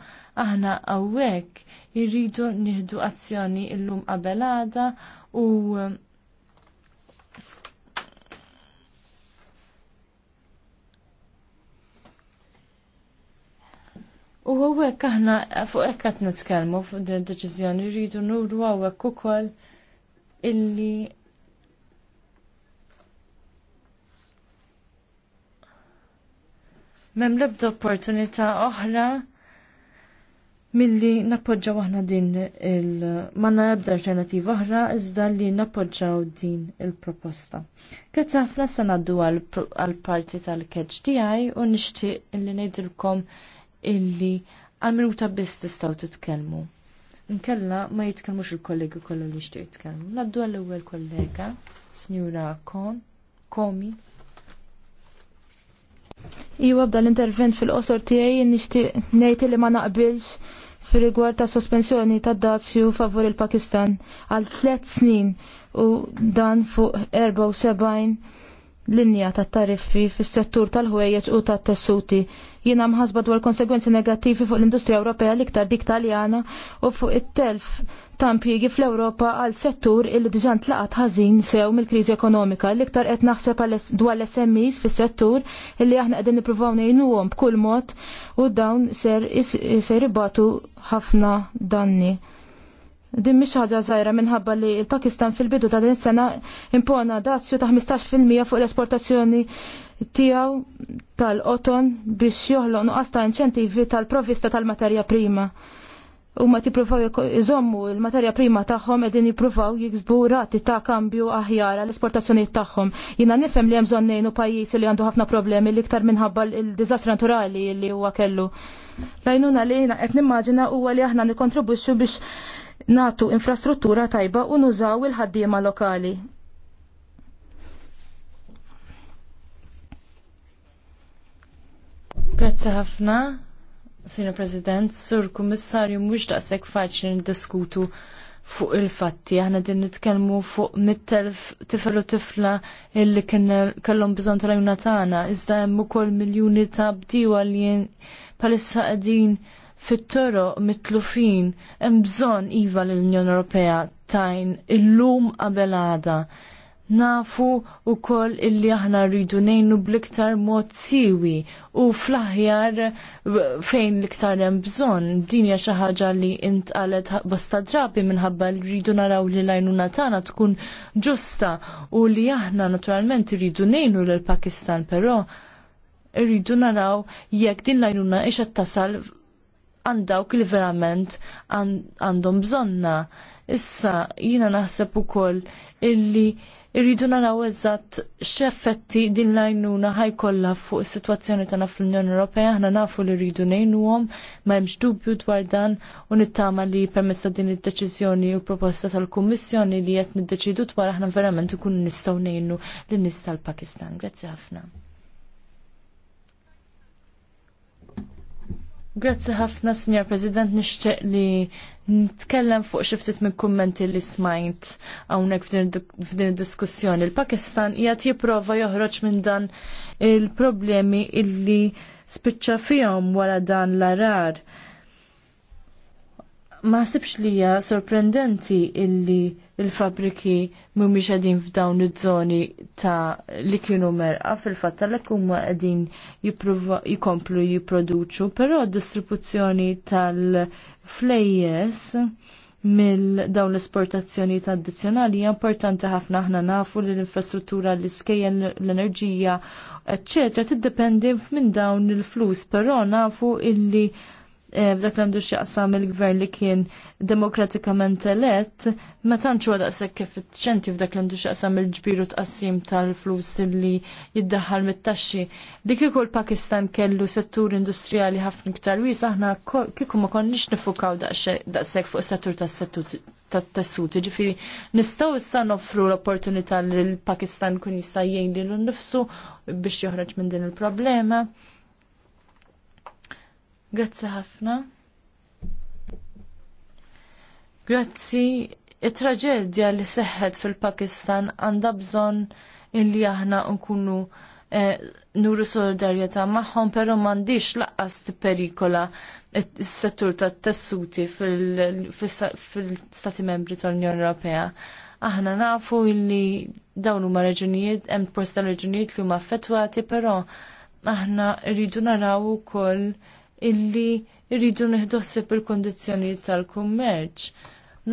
aħna hawnhekk irridu nieħdu azzjoni llum qabelada u U għawek aħna fuq hekk qed nitkellmu fuq din id deċiżjoni rridu nuru għawek ukoll illi Mem lebda opportunità oħra milli nappoġġaw aħna din il manna ebda alternativa oħra iżda li nappoġġaw din il-proposta. Grazzi ħafna se ngħaddu għal parti tal keċ tiegħi u nixtieq illi ngħidilkom illi għal minuta biss tistaw titkellmu. Nkella ma jitkellmux il-kollegi kollu li xtiq jitkellmu. Naddu għall-ewwel kollega, Snjura Kon, Komi. Iwa bda l-intervent fil-qosor tiegħi nixtieq ngħid li ma naqbilx fir rigward ta' sospensjoni ta' dazju favur il-Pakistan għal tliet snin u dan fuq 74 linja tat tariffi fis-settur tal-ħwejjeġ u tat-tessuti. Jiena mħasba dwar konsegwenzi negattivi fuq l-industrija Ewropea l-iktar dik Taljana u fuq it-telf ta' impjiegi fl-Ewropa għal settur illi diġà tlaqat ħażin sew mill-kriżi ekonomika. L-iktar qed naħseb dwar l-SMEs fis-settur illi aħna qegħdin nippruvaw ngħinuhom b'kull mod u dawn ser ibatu ħafna danni. Din mhix ħaġa żgħira minħabba li l-Pakistan fil-bidu ta' din is-sena impona dazju ta' 15% fuq l-esportazzjoni tiegħu tal-qoton biex joħloq nuqqas ta' inċentivi tal-provvista tal-materja prima. Huma tippruvaw iżommu l-materja prima tagħhom qegħdin jippruvaw jiksbu rati ta' kambju aħjar għall esportazzjonijiet tagħhom. Jiena nifhem li hemm bżonn ngħinu pajjiżi li għandu ħafna problemi li iktar minħabba l diżastru naturali li huwa kellu. Lajnuna li qed nimmaġina huwa li aħna nikkontribwixxu biex natu infrastruttura tajba u nużaw il-ħaddiema lokali. Grazzi ħafna, Sina President, Sur Kummissarju, mhux daqshekk faċli niddiskutu fuq il-fatti, aħna din nitkellmu fuq mit-telf tifel u tifla illi kellhom bżonn tal-ajuna tagħna, iżda hemm ukoll miljuni ta' bdiewa li palissa qegħdin fit-toro mitlufin hemm bżonn iva l-Unjoni Ewropea tajn illum qabel għada. Nafu u koll illi aħna rridu nejnu bliktar mod siwi u fl-aħjar fejn liktar hemm bżonn. Din hija xi ħaġa li intqalet bosta drabi minħabba li rridu naraw li l-għajnuna tagħna tkun ġusta u li aħna naturalment rridu nejnu lill Pakistan però rridu naraw jekk din l-għajnuna ix tasal Għand dawk li verament għandhom bżonna. Issa jina naħseb ukoll illi irridu naraw eżatt x'effetti din l-għajnuna ħajkollha fuq is-sitwazzjoni tagħna fl-Unjoni Ewropea, aħna nafu li rridu ngħinuhom, ma hemmx dubju dwar dan u nittama li permezz ta' din id-deċiżjoni u proposta tal-Kummissjoni li qed niddeċidu dwar aħna verament ikunu nistgħu ngħinu lin-nies tal-Pakistan. Grazzi ħafna. Grazzi ħafna, Signor President, nixtieq li nitkellem fuq xi ftit minn kummenti li smajt hawnhekk f'din id-diskussjoni. Il-Pakistan qiegħed jipprova joħroġ minn dan il-problemi illi spiċċa fihom wara dan l-arar ma sibx li hija sorprendenti illi il-fabriki mhumiex qegħdin f'dawn iż-żoni ta' li kienu merqa fil-fatt għalhekk huma qegħdin jikomplu jipproduċu, però d-distribuzzjoni tal-flejjes mill-dawn l-esportazzjoni tradizzjonali hija importanti ħafna aħna nafu li l-infrastruttura, l-iskejjel, l-enerġija, eċċetera, tiddependi minn dawn il-flus, però nafu illi Eh, f'dak li għandu x'jaqsam il-gvern li kien demokratikament elett, ma tantx huwa daqshekk kif ċenti f'dak li għandu x'jaqsam il-ġbiru tqassim tal-flus li jiddaħħal mit-taxxi. Li kieku l-Pakistan kellu settur industrijali ħafna iktar wies aħna kieku ma konniex nifukaw daqshekk fuq settur tas-settur tat-tessut. Ġifiri, nistgħu issa noffru l-opportunità l-Pakistan kun jista' jgħin l nnifsu biex joħroġ minn din il-problema. Grazzi ħafna. Grazzi, it-traġedja li seħħet fil-Pakistan għandha bżonn illi aħna nkunu eh, nuru solidarjetà magħhom, però m'għandix laqqas t-perikola s-settur tat-tessuti fil-Stati Membri tal-Unjoni Ewropea. Aħna nafu illi dawn huma reġunijiet, hemm posta reġunijiet li huma affettwati, però aħna rridu naraw ukoll koll illi rridu neħdossib il-kondizjoni tal-kummerċ.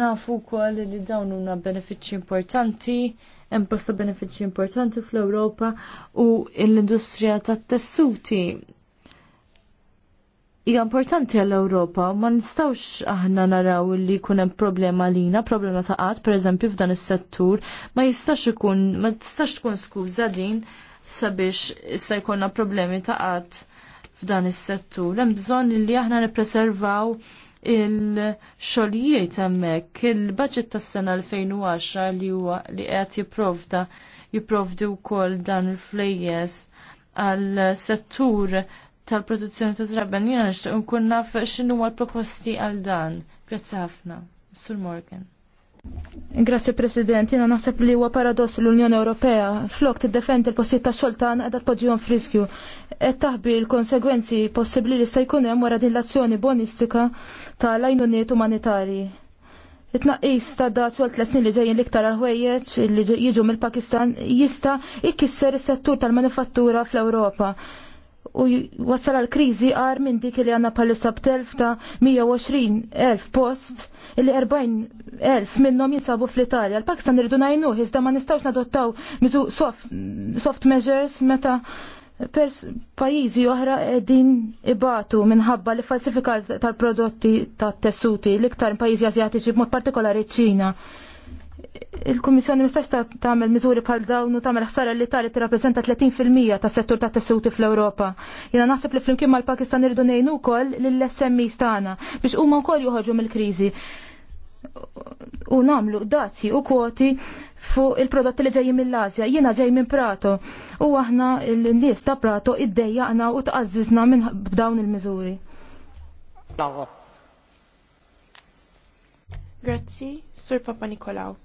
Nafu kol li dawn huma benefiċċji importanti, hemm bosta benefiċċji importanti fl-Ewropa u l-industrija tat-tessuti hija importanti għall-Ewropa, ma nistawx aħna naraw li jkun hemm problema lina, problema ta' qatt, pereżempju f'dan is-settur, ma jistax ikun, ma tistax tkun skuża din sabiex issa jkollna problemi ta' qatt f'dan is-settur. Hemm bżonn li aħna nippreservaw il-xogħlijiet hemmhekk. Il-budget tas-sena 2010 li huwa li qed jipprovda jipprovdi wkoll dan il-flejjes għal-settur tal-produzzjoni ta' żraben jiena nixtieq nkun naf x'inhuwa l-proposti għal dan. Grazzi ħafna. Sur Morgan. Grazzi President, jina naħseb li huwa paradoss l-Unjoni Ewropea flok tiddefendi l-postijiet ta' xoltan qiegħda tpoġġihom friskju. Qed taħbi l-konsegwenzi possibbli li se jkun hemm wara din l-azzjoni bonistika tal-għajnuniet umanitarji. It-tnaqqis ta' da sol tlet snin li ġejjin l-iktar għal li jiġu mill-Pakistan jista' jkisser is-settur tal-manifattura fl-Ewropa u wassal għal kriżi għar minn dik li għanna palissa b'telf ta' 120.000 post illi 40.000 minnom jinsabu fl-Italja. L-Pakistan irridu najnu, iżda ma nistawx nadottaw mizu soft, soft measures meta pers pajizi oħra din ibatu minħabba li falsifika tal-prodotti tat tessuti l-iktar pajizi azjatiċi b'mod partikolari ċina il-Kummissjoni mistax tagħmel miżuri bħal dawn u tagħmel ħsara li tali tirrappreżenta 30% tas-settur tat-tessuti fl-Ewropa. Jiena naħseb li flimkien mal-Pakistan irridu ngħinu wkoll lill-SMI tagħna biex huma wkoll joħorġu mill-kriżi. U nagħmlu dazzi u kwoti fuq il-prodotti li ġejjin mill-Asja. Jiena ġej minn Prato u aħna l-nies ta' Prato iddejjaqna u tqażżizna minn b'dawn il-miżuri. Grazzi, Sur Papa Nikolaw.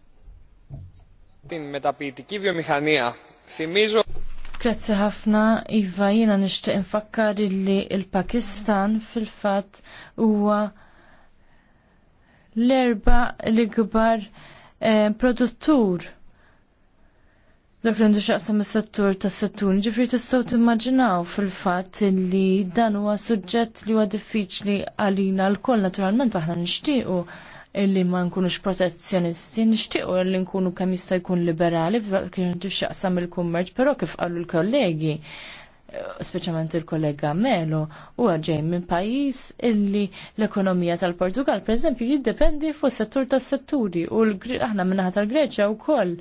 Din metapitiki biomekanija. Simiġu. Grazzi ħafna, Iva, jina nishtiq infakkar illi il-Pakistan fil-fat huwa l-erba li gbar eh, produttur Dak li għandu xaqsam is-settur tas-settur, ġifri tistgħu timmaġinaw fil-fatt li dan huwa suġġett li huwa diffiċli għalina l-koll naturalment aħna nixtiequ illi ma nkunux protezzjonisti, nixtiequ illi nkunu kemm jista' jkun liberali kien xaqsam il-kummerċ, però kif qalu l-kollegi, speċjalment il-kollega Melo, huwa ġej minn pajjiż illi l-ekonomija tal-Portugal, pereżempju, jiddependi fuq settur tas-setturi u aħna minnaħa tal-Greċja wkoll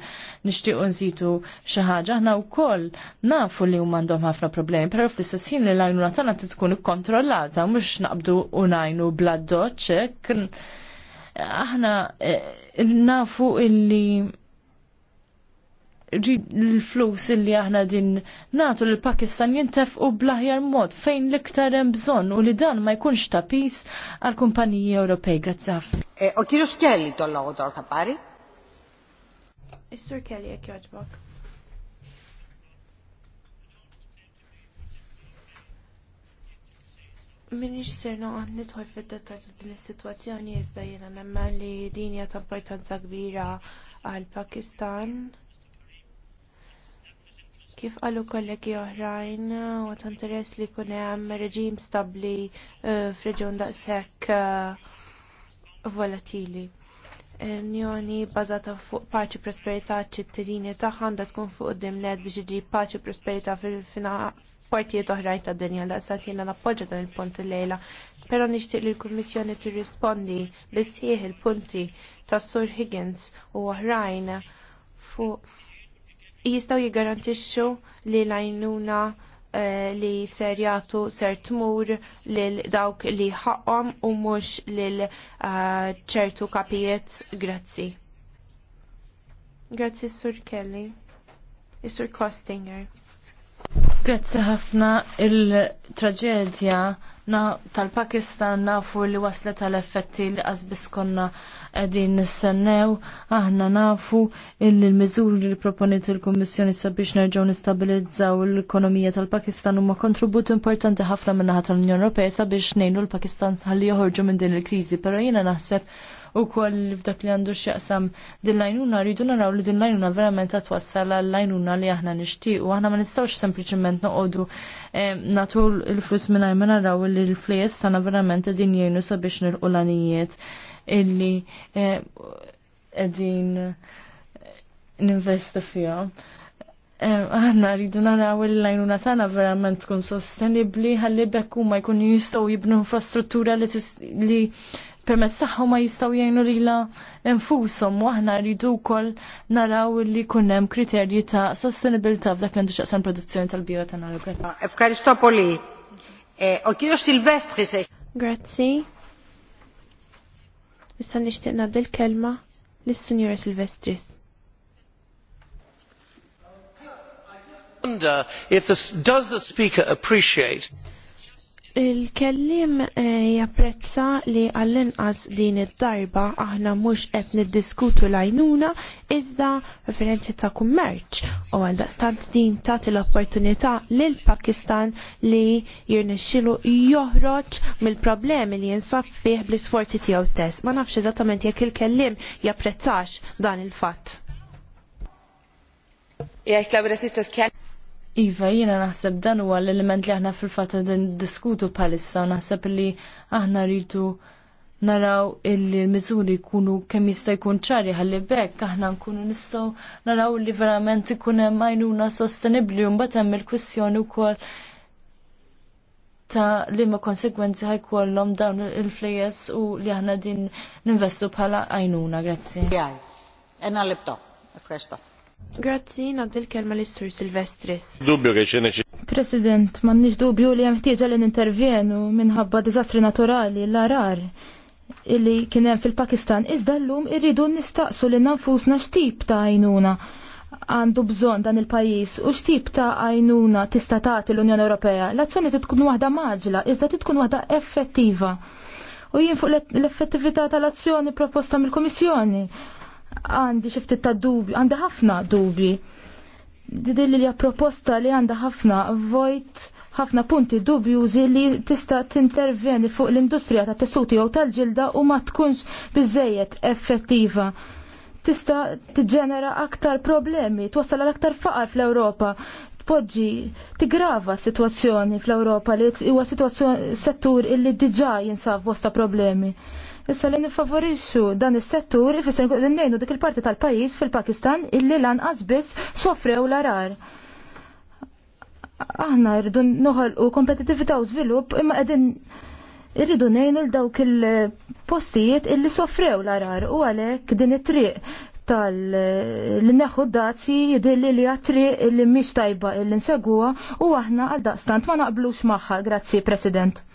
nixtiequ nżitu xi ħaġa aħna wkoll nafu li huma għandhom ħafna problemi, però fl istessin li l-għajnuna tagħna tkun ikkontrollata mhux naqbdu u najnu bla aħna eh, nafu illi l-flus illi aħna din natu l-Pakistan jintef u blaħjar mod fejn l-iktar hemm bżonn u li dan ma jkunx ta' pis għal kumpaniji Ewropej. Grazzi ħafna. U eh, kienu xkelli tollogu dor ta' pari? Is-Sur Kelly jekk jogħġbok. Minix ser noqgħod nidħol fid-dettal ta' din is-sitwazzjoni iżda jiena nemmen li din hija ta' importanza kbira għal Pakistan. Kif qalu kollegi oħrajn u ta' interess li jkun hemm reġim stabbli eh, f'reġjun daqshekk eh, volatili. Unjoni bbażata fuq paċi prosperità ċittadini tagħha għandha tkun fuq qudiem led biex iġib paċi prosperità fil-finanza partijiet oħrajn ta' dinja la' sa' jiena nappoġġa dan il-punt il-lejla, pero nixtieq li l-Kummissjoni tirrispondi bissieħ il-punti ta' Sur Higgins u oħrajn jistgħu jiggarantixxu li l-għajnuna eh, li ser jagħtu ser tmur lil dawk li ħaqhom u mhux lil eh, ċertu kapijiet grazzi. Grazzi Sur Kelly. Is-Sur Kostinger. Grazzi ħafna il-traġedja tal-Pakistan nafu li waslet tal effetti li qasbis konna qegħdin nistennew, aħna nafu l miżuri li proponit il-Kummissjoni sabiex nerġgħu nistabilizzaw l-ekonomija tal-Pakistan huma kontribut importanti ħafna min-naħa tal-Unjoni Ewropea sabiex ngħinu l-Pakistan ħalli joħorġu minn din il-kriżi, però jiena naħseb u koll f'dak li għandu xieqsam din lajnuna rridu naraw li din lajnuna verament għatwassal għal lajnuna li aħna nishtiq u aħna ma nistawx sempliciment noqodu eh, natu l-flus minna ma naraw li l-flejes tana verament din jgħinu sabiex nil-qulanijiet illi edin eh, ninvesta fija. Eh, aħna rridu naraw il-lajnuna tana verament tkun sostenibbli għalli bekk huma jkunu jistgħu jibnu infrastruttura li permezz saħħu ma jistgħu jgħinu lilha infushom u aħna rridu wkoll naraw li jkun hemm kriterji ta' sostenibilità f'dak li għandu x'aqsam produzzjoni tal-bioetanol. Fkaristopoli, u eh, kienu Silvestri se. Grazzi. Issa nixtieq ngħaddi l-kelma lis-Sinjura Silvestris. Wonder if this, does the speaker appreciate Il-kellim eh, japprezza li għall-inqas din id-darba aħna mhux qed niddiskutu l-għajnuna iżda referenzi ta' kummerċ u għal daqstant din tagħti l-opportunità lil Pakistan li jirnexxilu joħroġ mill-problemi li jinsab fih bl-isforzi tiegħu stess. Ma nafx eżattament jekk il-kellim japprezzax dan il-fatt. Ja, la' glaube, Iva, jina naħseb dan huwa l-element li aħna fil din diskutu bħalissa, naħseb li aħna rridu naraw illi l-miżuri jkunu kemm jista' jkun ċari ħalli bekk aħna nkunu nistgħu naraw li verament ikun hemm għajnuna sostenibbli u mbagħad hemm il-kwistjoni wkoll ta' li ma' konsekwenzi ħajkollhom dawn il-flejes u li aħna din ninvestu bħala għajnuna, grazzi. Għaj, enna libto, Grazzi, naddi kelma l sur Silvestris. Dubju ke xeneċi. President, nix dubju li jemħtieġa li n-intervjenu minħabba dizastri naturali l-arar illi kienem fil-Pakistan. Iżda irridu nistaqsu li nanfusna xtib ta' għajnuna għandu bżon dan il-pajis u xtib ta' għajnuna tista' tagħti l-Unjoni Ewropea. L-azzjoni tkun waħda maġla, iżda tkun waħda effettiva. U jien fuq l-effettività tal-azzjoni proposta mill-Komissjoni għandi xiftit ta' dubju, għandi ħafna dubji. Didilli li proposta li għanda ħafna vojt, ħafna punti dubjużi li tista' tintervjeni fuq l-industrija ta' tessuti jew tal-ġilda u ma tkunx biżejjed effettiva. Tista' tiġġenera aktar problemi, twassal għal aktar faqar fl-Ewropa, tpoġġi tigrava situazzjoni fl-Ewropa li huwa settur illi diġà jinsab bosta problemi. Issa li nifavorixxu dan is-settur ifisser ngħidu dik il-parti tal-pajjiż fil-Pakistan illi lanqas biss sofrew l-arar. Aħna rridu noħolqu kompetittività u żvilupp imma qegħdin irridu ngħinu l-dawk il-postijiet illi soffrew l-arar u għalhekk din it-triq tal-neħu dazzi jidilli li għatri li miex tajba il nseguwa u aħna għal-daqstant ma naqblux maħħa, grazzi President.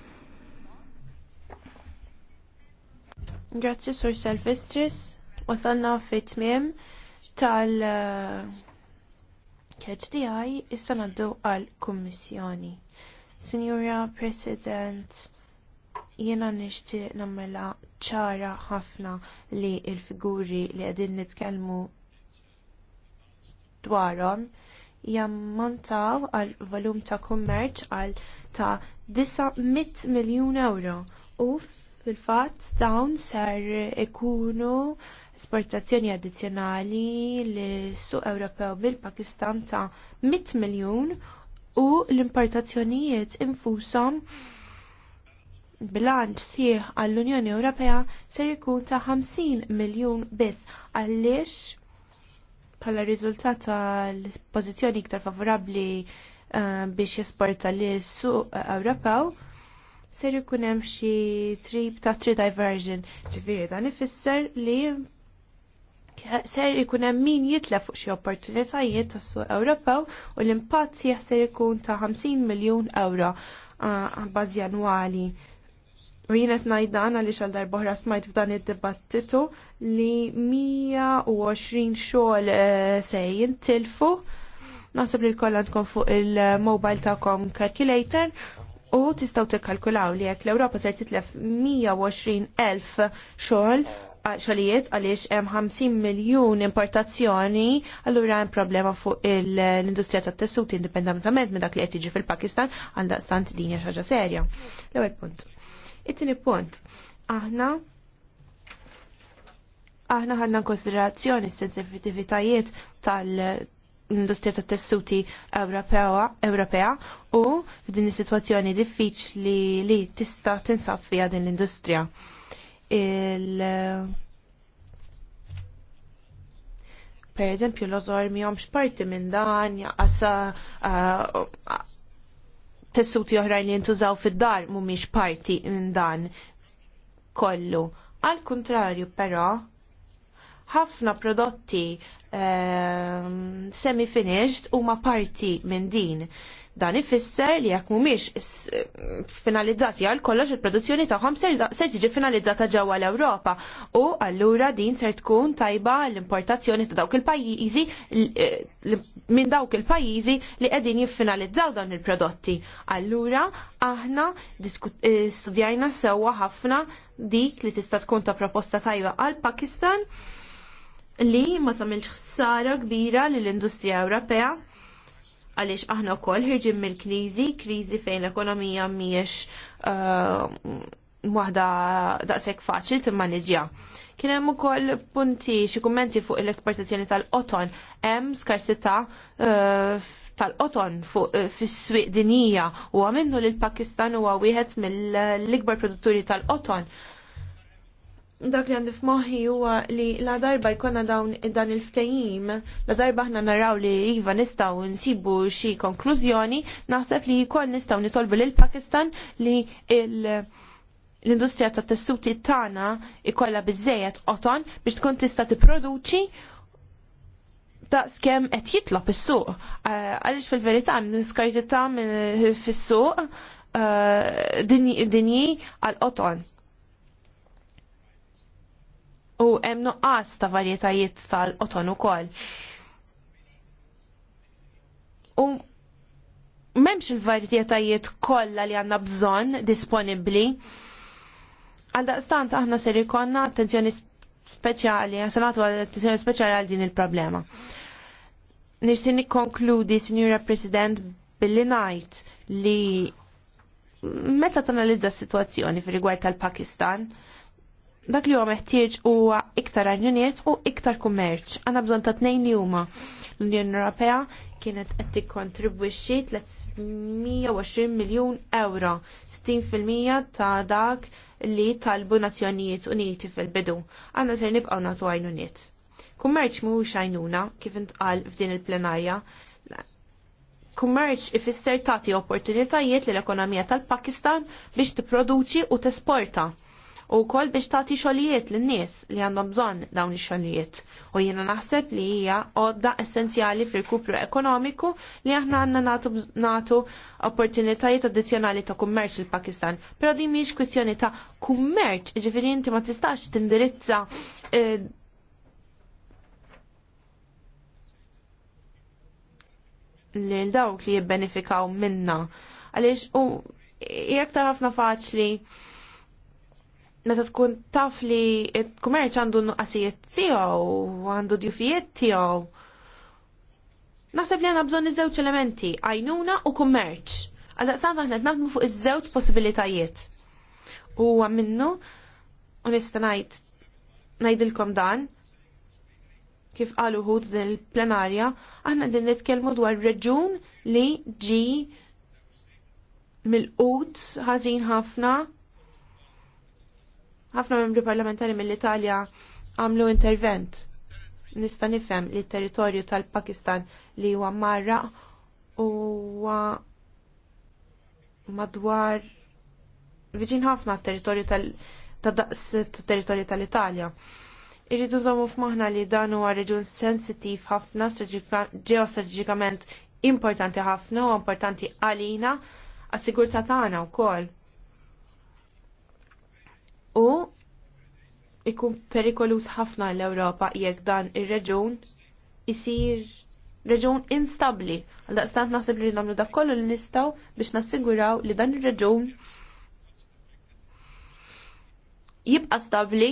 Grazzi Sur Selfistris. Wasalna fit tmiem tal KHDI eh, issa naddu għal kummissjoni. Signora President, Jiena nixtieq nammela ċara ħafna li l figuri li qegħdin nitkellmu dwarhom jammontaw għal volum ta' kummerċ għal ta' 900 miljun euro u Fil-fatt dawn ser ikunu esportazzjoni addizzjonali lis suq Ewropew bil-Pakistan ta' 100 miljun u l-importazzjonijiet infushom bilanċ sieħ għall-Unjoni Ewropea ser ikun ta' 50 miljun biss għaliex bħala riżultat tal-pożizzjoni iktar favorabbli uh, biex jesporta lis suq Ewropew ser jkun hemm xi trip ta' tri diversion. Ġifieri dan ifisser li ser ikun hemm min jitlef fuq xi opportunitajiet tas-suq Ewropew u l-impatt sieħ ser ikun ta' 50 miljun euro bażi annwali. U jien qed ngħid dan għaliex għal oħra smajt f'dan id-dibattitu li 120 xogħol e, se jintilfu. Naħseb li l għandkom fuq il-mobile tagħkom calculator U tistaw tikkalkulaw li jekk l-Ewropa ser titlef 120,000 xogħol xogħlijiet għaliex hemm 50 miljun importazzjoni, allura hemm problema fuq l-industrija tat-tessuti indipendentament minn dak li qed jiġi fil-Pakistan għandha sant din hija xi ħaġa serja. L-ewwel punt. It-tieni punt. Aħna aħna ħadna konsiderazzjoni s-sensitivitajiet tal l-industrija ta' tessuti Ewropea u f'din is-sitwazzjoni diffiċli li tista' tinsab fiha din l-industrija. Il per eżempju l-ozor miħomx parti minn dan, jaqasa uh, tessuti oħrajn li jintużaw fid-dar mumiex parti minn dan kollu. Al kontrarju però, ħafna prodotti Ehm, semi-finished huma parti minn din. Dan ifisser li jekk mhumiex finalizzati għal kollox il-produzzjoni tagħhom ser tiġi finalizzata ġewwa l-Ewropa u allura din ser tkun tajba l-importazzjoni ta' dawk il-pajjiżi e, minn dawk il-pajjiżi li qegħdin jiffinalizzaw dan il-prodotti. Allura aħna e, studjajna sewwa ħafna dik li tista' tkun ta' proposta tajba għal Pakistan li ma tagħmilx ħsara kbira lill industrija Ewropea għaliex aħna wkoll ħirġin mill-kriżi, kriżi fejn l-ekonomija mhijiex uh, waħda daqshekk faċil timmaneġja. Kien hemm ukoll punti xi kummenti fuq l-esportazzjoni tal-qoton, hemm skarsità uh, tal-qoton uh, fis-swieq dinija u għamennu li l-Pakistan huwa wieħed mill-ikbar produtturi tal-qoton dak li għandif maħi huwa li la darba jkonna dawn dan il-ftejim, la darba ħna naraw li jiva nistaw nsibu xi konklużjoni, naħseb li jkoll nistaw nitolbu lil pakistan li l-industrija ta' tessuti tagħna ikolla biżejjed qoton biex tkun tista' tipproduċi ta' skem qed jitlob is-suq. Eh, għaliex fil-verità niskartita fis-suq eh, dinji għal qoton u hemm nuqqas ta' varjetajiet tal-qoton ukoll. U memx il-varjetajiet kollha li għandna bżonn disponibbli. Għaldaqstant aħna ser ikonna attenzjoni speċjali, għasanatu attenzjoni speċjali għal din il-problema. Nixtin nikkonkludi, Signora President, billi najt li meta tanalizza s-situazzjoni fil rigward tal-Pakistan, dak li huwa meħtieġ huwa iktar għajnuniet u iktar kummerċ. Għandna bżonn ta' tnejn li huma. L-Unjoni Ewropea kienet qed tikkontribwixxi 320 miljun euro, 60% ta' dak li talbu Nazzjonijiet Uniti fil-bidu. Għandna ser nibqgħu nagħtu għajnuniet. Kummerċ mhuwiex għajnuna kif intqal f'din il-plenarja. Kummerċ ifisser tagħti opportunitajiet lill ekonomija tal-Pakistan biex tipproduċi u tesporta u kol biex tagħti xogħlijiet lin-nies li għandhom bżonn dawn ix-xogħlijiet. U jiena naħseb li hija għodda essenzjali fil-kupru ekonomiku li aħna għandna natu, natu opportunitajiet addizzjonali ta' kummerċ il pakistan Però din miex kwestjoni ta' kummerċ, ġifiri inti ma tistax tindirizza eh, li l-dawk li jibbenefikaw minna. Għalix, u jek ħafna faċli meta tkun taf li il-kummerċ għandu nuqqasijiet tiegħu għandu djufijiet tiegħu. Naħseb li għandna bżonn iż-żewġ elementi, għajnuna u kummerċ. Għaldaqsant aħna t naħdmu fuq iż-żewġ possibilitajiet. U minnu u nista' najdilkom ngħidilkom dan kif qalu din il-plenarja, aħna din nitkellmu dwar reġun li ġi mil qut ħażin ħafna ħafna membri parlamentari mill-Italja għamlu intervent. Nista' nifhem li t-territorju tal-Pakistan li huwa marra huwa madwar viġin ħafna territorju tal-daqs territorju tal-Italja. Irridu nżommu f'maħna li dan huwa reġun sensittiv ħafna ġeostrateġikament importanti ħafna u importanti għalina għas-sigurtà tagħna wkoll u ikun perikolus ħafna l-Ewropa jekk dan ir-reġun isir reġun instabli. Għaldaqstant naħseb li nagħmlu dak kollu li nistaw biex nassiguraw li dan ir-reġun jibqa' stabbli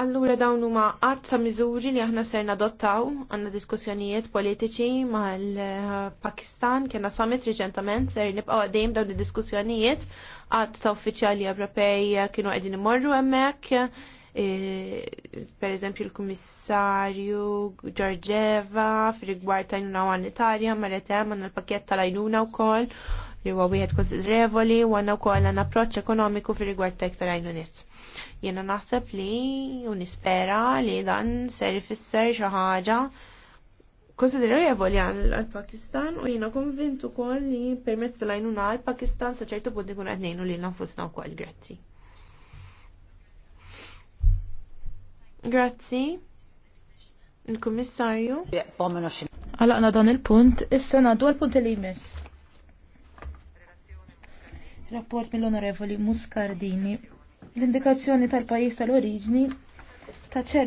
Allura dawn huma qatt ta' miżuri li aħna ser nadottaw għandna diskussjonijiet politiċi mal-Pakistan kienna summit riċentament ser nibqgħu għaddejjem dawn id-diskussjonijiet qatt ta' uffiċjali Ewropej kienu qegħdin imorru hemmhekk e, per eżempju l-Kummissarju Giorgeva, fir-rigward ta' għajnuna umanitarja, mar hemm għandna l-pakket tal-għajnuna wkoll li huwa wieħed konsidrevoli u għandna wkoll għandna approċċ ekonomiku fir rigward ta' iktar għajnuniet. Jiena naħseb li u nispera li dan ser ifisser xi ħaġa konsidrevoli għal-Pakistan u jiena konvintu ukoll li permezz l-għajnuna għall pakistan sa ċertu punt ikun qed ngħinu lil nfusna wkoll grazzi. Grazzi. Il-Kummissarju. Għalaqna dan il-punt, issa ngħaddu għal-punt li jmiss. Rapport mill-Onorevoli Muscardini. L-indikazzjoni tal-pajis tal-oriġni ta'